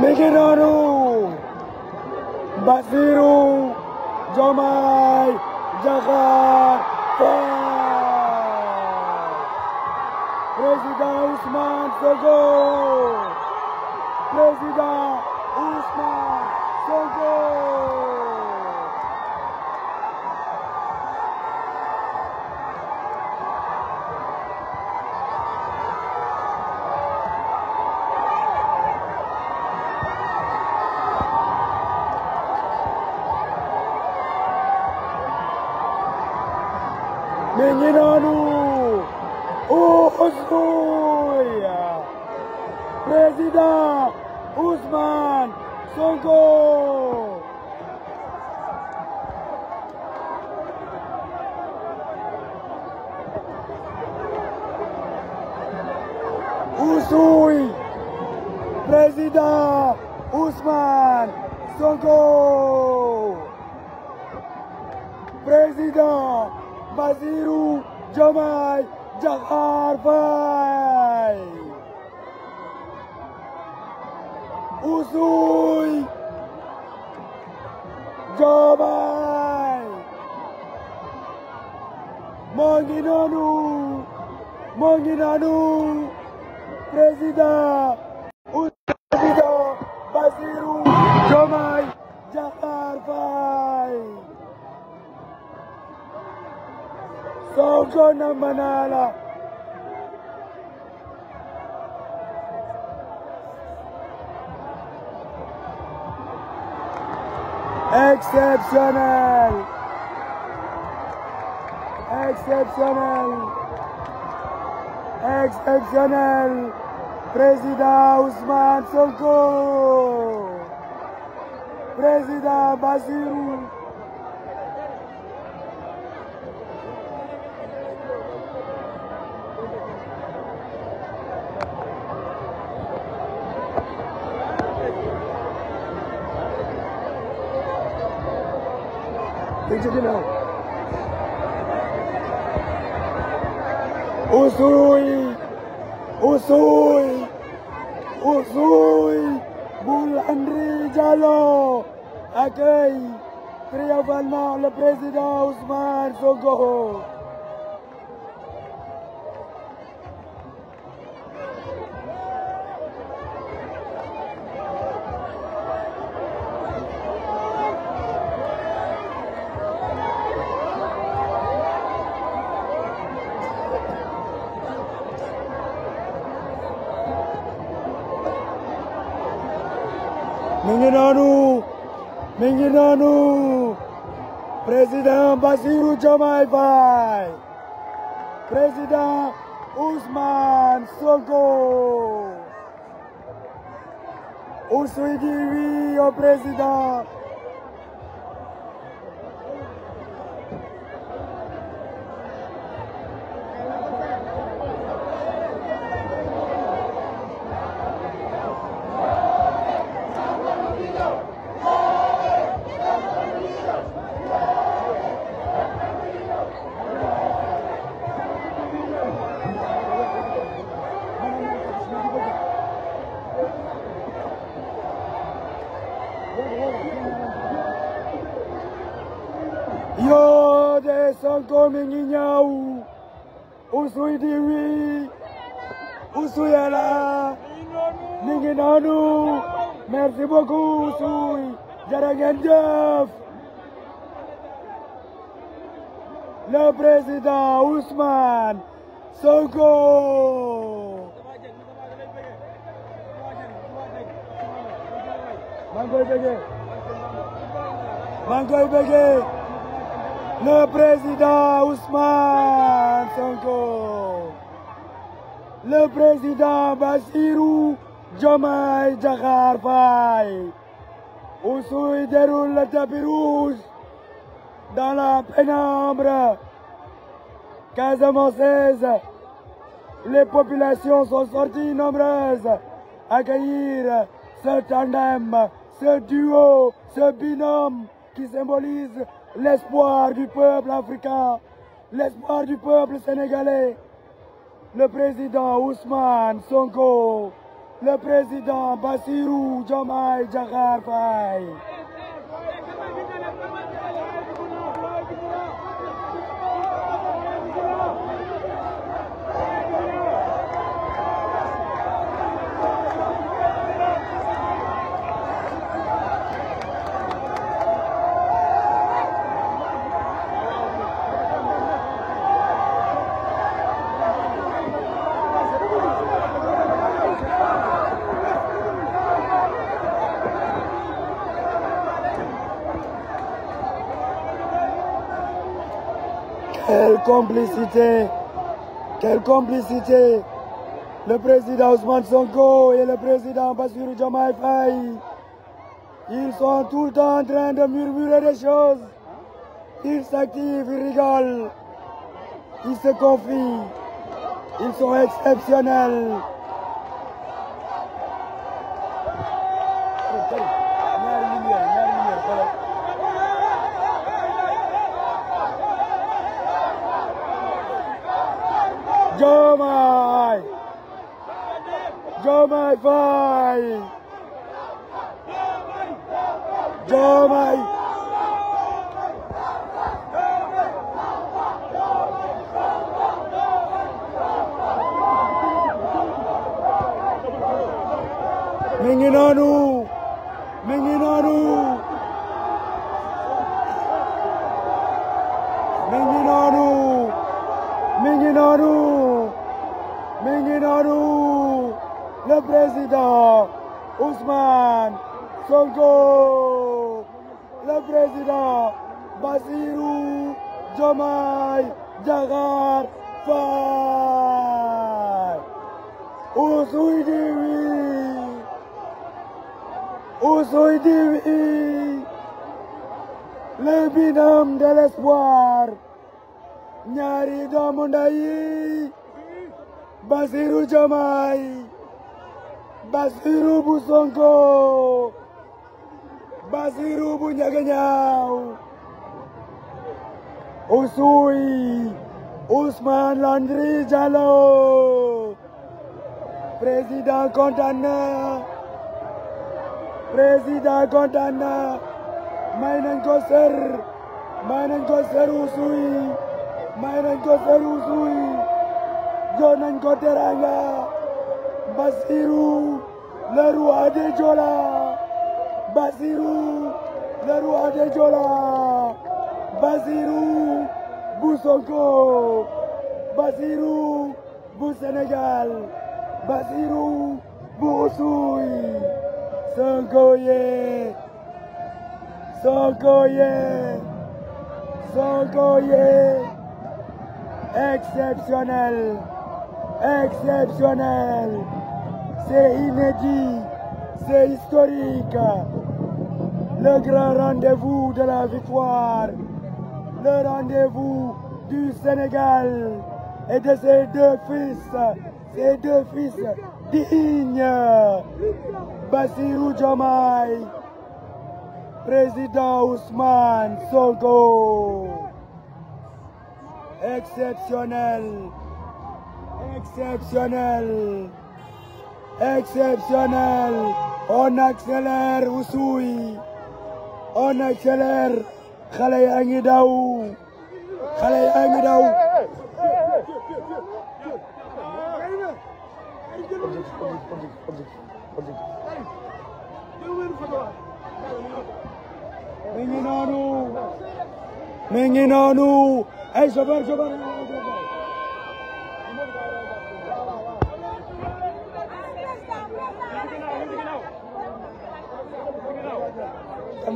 Megeranu, Basiru, Jomai, Jagar, President Usman Sogo, President Usman Sogo. になるおーすごいプレジダンウスマンソンゴー Usui, President Usman Sonko, Presidente. Bassirou Diomaye Diakhar Faye Ousmane Diomaye moo ngi noonu moo ngi noonu président Ousmane Sogo ng Manala. Exceptional. Exceptional. Exceptional. President Usman Sonko. President Basiru. sui, não. Usui! Usui! Usui! Bulandri Jalo! Accueille! Triomphalement le président Ousmane Sonko Menginanu, Menginanu, President Basiru Jamai President Usman Sonko, Usuidiri, your President, Sonko mi ngi ñëw usuy di wi usuy ala mi ngi noonu merci beaucoup usuy jërë ngeen jëf le président Ousmane Sonko maa koy bëggee le président Ousmane Sonko, le président Basirou Jomai Djakhar Faye, où se déroule le tapis rouge dans la pénombre. 15-16, les populations sont sorties nombreuses à accueillir ce tandem, ce duo, ce binôme qui symbolise l'espoir du peuple africain, l'espoir du peuple sénégalais, le président Ousmane Sonko, le président Bassirou Diomaye Diakhar complicité Quelle complicité Le président Ousmane Sonko et le président Bassirou Diomaye Faye, ils sont tout le temps en train de murmurer des choses. Ils s'activent, ils rigolent, ils se confient. Ils sont exceptionnels. Vô mày Vô mày vai Vô mày Menino président Bassirou Diomaye Diakhar Faye Oussouye Diwi Oussouye Diwi le binôme de l'espoir ñaari doomu ndayi Bassirou Diomaye Bassirou bu Sonko Basiru punya kenyau. Usui Usman Landri Jalo. Presiden Kontana, Presiden Kontana, Mainan Koser. Mainan Koser Usui. Mainan Koser Usui. Jonan Koteranga. Basiru Leru Adejola. Baziru, le roi des Jola. Baziru, Boussonko. Baziru, Bou Sénégal. Basirou, Boussoui. Sankoye. Sangoye, Sangoye, Exceptionnel. Exceptionnel. C'est inédit. C'est historique le grand rendez-vous de la victoire, le rendez-vous du Sénégal et de ses deux fils, ses deux fils dignes, Bassirou Jamaï, président Ousmane Sonko. Exceptionnel, exceptionnel, exceptionnel, on accélère Ousoui, أنا شلر خلي أني داو خلي أني داو مني نانو مني نانو أي سبب سبب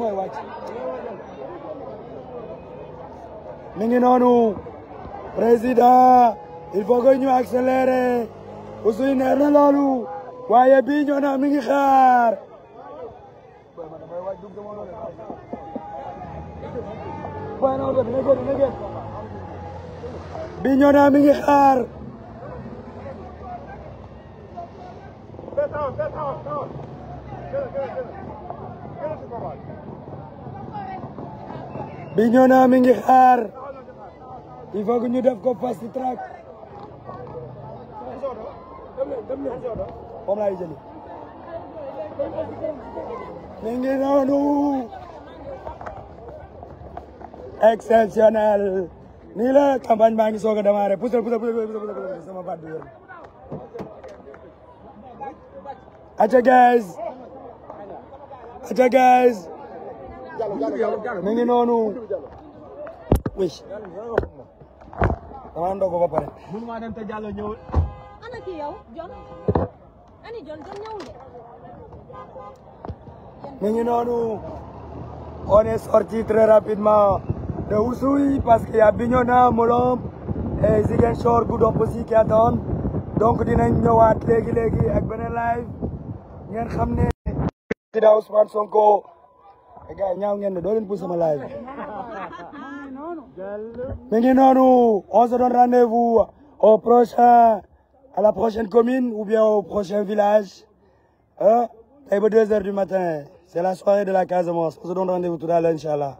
mooy wàcc mi ngi noonu président il faut que ñu accéléré usuy neer na loolu waaye bii ñoo na mi ngi xaar bii ñoo na mi ngi xaar Bignona mi ngi xaar il faut que ñu def ko fast track moom laay jëli mi ngi noonu exceptionnel nii la campagne baa ngi soog a démarré poussel poussel poussel sama baat bi wér guys aja guys mu ngi noonu sorti très rapidement de Oussouye parce qu'il y a Bignona Molombe et Ziguinchor Goudomp aussi qui attendent donc dinañ ñëwaat léegi ak beneen live ngeen xam ne Sonko gars ngeen do len live ngi on se donne rendez-vous au prochain à la prochaine commune ou bien au prochain village Hein? tey 2h du matin c'est la soirée de la Casamance on se donne rendez-vous tout à l'heure inchallah